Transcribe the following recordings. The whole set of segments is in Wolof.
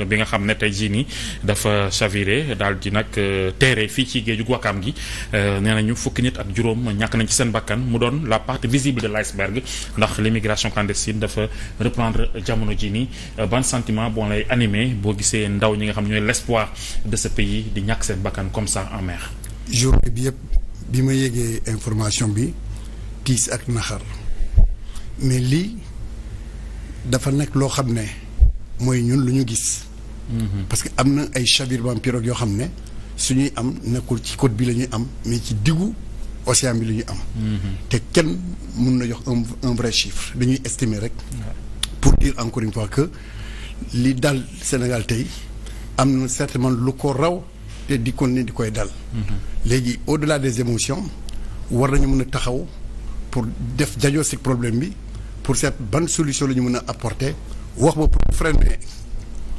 donc bi nga xam ne tey jii nii dafa nag euh, teere fii ci géeju Wakaam gi euh, nee nañu fukki nit ak juróom ñàkk nañ ci seen bakkan mu doon la partie visible de l'iceberg ndax l'immigration clandestine dafa reprendre jamono ji nii euh, ban sentiment bon lay animé boo gisee ndaw ñi nga xam ñooy l'espoir de ce pays di ñàkk seen bakkan comme ça en mer. journée bi yëpp bi ma yégee information bi tiis ak naxar mais lii dafa nekk loo xam ne mooy ñun lu ñu gis Mhm. parce que am na ay chavirement pirogue yoo xam ne suñuy am nekkul ci code bi la ñuy am mais ci diggu océan bi la ñuy am. Mhm. te kenn mun na jox un un vrai chiffre dañuy estimer rek. pour dire encore une fois que li dal Sénégal tey am na certainement lu ko raw te di kon ne di koy dal. Mhm. léegi au-delà des émotions war nañu mën a taxaw pour def diagnostic problème bi pour seet ban solution la ñu mën a apporter wax ba pour freiner.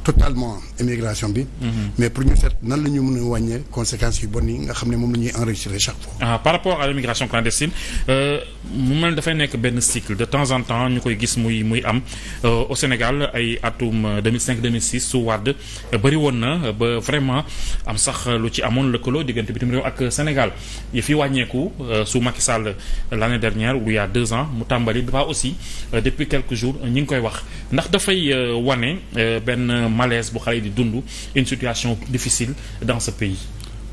totalement immigration bi. Mhm. mais pour ñu seet nan la ñu mën a wàññee conséquences yu bon yi nga xam ne moom la ñuy enregistrer chaque fois. Ah, par rapport à l'immigration clandestine euh, mu mel dafay nekk benn cycle de temps en temps ñu koy gis muy muy am euh, au Sénégal ay atum 2005 euh, 2006 su wàdd bari woon na ba vraiment am sax lu ci amoon lëkkaloo diggante bi bitim réew ak Sénégal yi fi wàññeeku su Macky Sall l'année dernière ou il y a deux ans mu tàmbali ba aussi depuis quelques jours ñu ngi koy wax ndax dafay wane benn. malaise bu xale yi di dund une situation difficile dans ce pays.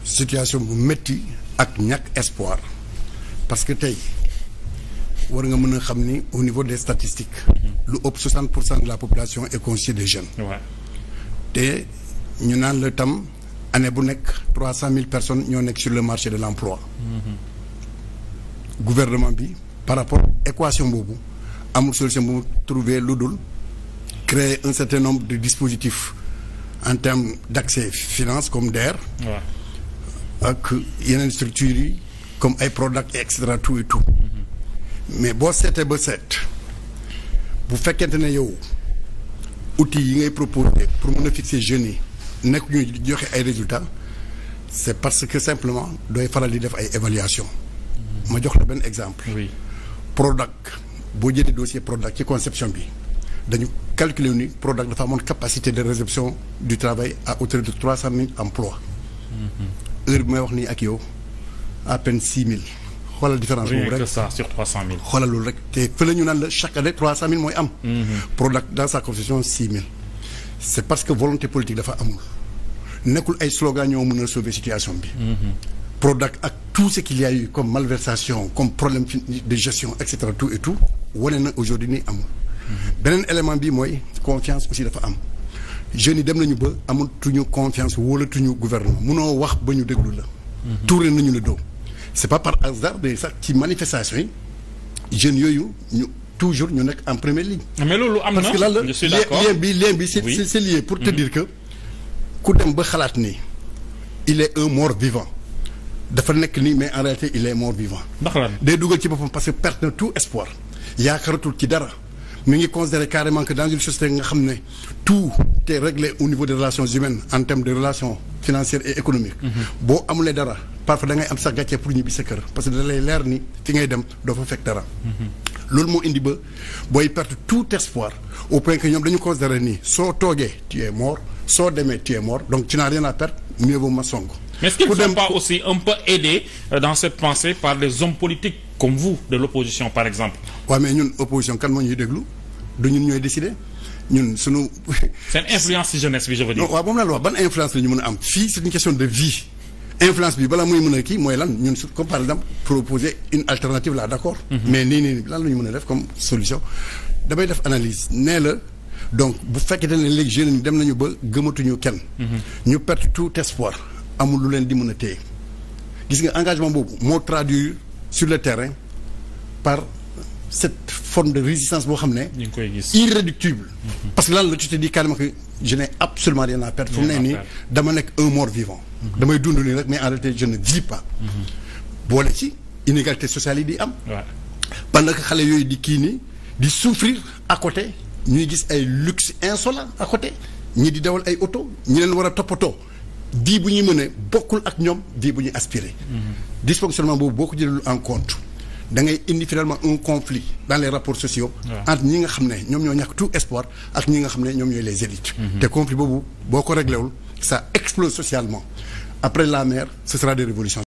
situation bu métti ak ñàkk espoir parce que tey war nga mën a xam ni au niveau de statistiques. lu ëpp 60 pour cent de la population est constituée de jeunes. waaw te ñu naan la tam année bu nekk 300 000 personnes ñoo nekk sur le marché de l' emploi. Mm-hmm. gouvernement bi par rapport équation boobu amul solution bu mu trouver lu dul. créé un certain nombre de dispositifs en termes d'accès finance comme DER ak yeneen structures yi comme ay Prodac et cetera tout et tout mais boo seetee ba seet bu fekkente ne yow outils yi ngay proposer pour mën a fixer jeunes yi nekk ñu joxe ay résultats c'est parce que simplement dooy faral di def ay évaluation ma jox la benn exemple Prodac boo jëlee dossier Prodac ci conception bi dañu calculer wu ni Prodac dafa amoon capacité de réception du travail à hauteur de trois cent mille emplois. Mhm. heure bi may wax nii ak yow à peine six mille. xoolal différence boobu rek ça sur trois rek te fële ñu naan la chaque année trois cent mille mooy am. Mhm. Prodac dans sa constitution six mille. c'est parce que volonté politique dafa amul nekkul ay slogan ñoo mën a sauver situation bi. Mhm. Prodac ak tout ce qu'il y a comme malversation comme problème de gestion et tout na aujourd'hui nii amul. beneen élément bi mooy confiance aussi dafa am jeunes yi dem nañu ba amatuñu confiance wóolatuñu gouvernement munoo wax ba ñu déglu la. Mhm. tuure nañu la doom c'est pas par hasard mais sax ci manifestation yi jeune yooyu ñu toujours ñu nekk en première ligne. Ah, am na parce que lan la lien bi lien bi c'est c'est lié pour te mhm. dire que ku dem ba xalaat ni il est un mort vivant. dafa nekk nii mais en réalité il est mort vivant. ndax lan day dugal ci boppam parce que perte na tout espoir yaakaaratul ci dara. mi ngi considérer carrément que dans une société nga xam ne tout est réglé au niveau des relations humaines en termes de relations financières et économiques mhm. boo amulee dara parfois da am sax gàccee pour ñibbi sa kër parce que da leer ni fi ngay dem doo fa fekk dara mhm. loolu moo indi ba booy perte tout espoir au point que ñoom dañu considérer nii soo toogee tu es mort soo demee tu es mort donc tu n'as rien à perdre mieux vaut ma song mais est ne sont euh, par des waaw mais ñun opposition kan moo déglu du ñun ñooy décider ñun suñu. seen influence ci jeunesse bi waaw moom laa la wax influence la ñu mën a am fii c'est une question de vie influence bi balaa muy mën a kii mooy lan ñun su comme par exemple proposer une alternative là d'accord. Mhm. mais nii nii lan la ñu a def comme solution. damay def analyse nee la donc bu fekkee ne léegi jeunes yi dem nañu ba gëmatuñu kenn. Mhm. ñu perte tout espoir amul lu leen di mën a téye gis nga engagement boobu moo traduire sur le terrain par. cette forme de résistance boo xam ne. irréductible. Mhm. parce que lan la tu te dis carrément que je n'ai absolument rien à perdre. fu mu ne nii dama nekk un mort vivant. Mhm. damay dund nii rek mais en réalité je ne vis pas. Mhm. boole ci inégalité sociale yi di am. waaw pendant que xale yooyu di kii nii di souffrir à côté ñuy gis ay luxe insola à côté ñi di dawal ay oto ñi leen war a toppatoo. di bu ñuy mën bokkul ak ñoom di bu ñuy aspirer. dysfonctionnement boobu boo ko jëlul en da ngay indi finalement un conflit dans les rapports sociaux. entre ñi nga xam ne ñoom ñoo ñàkk tout espoir ak ñi nga xam ne ñoom ñooy les élites. Mm-hmm. te conflit boobu boo ko réglé wul ça explose socialement après la mer ce sera des révolutions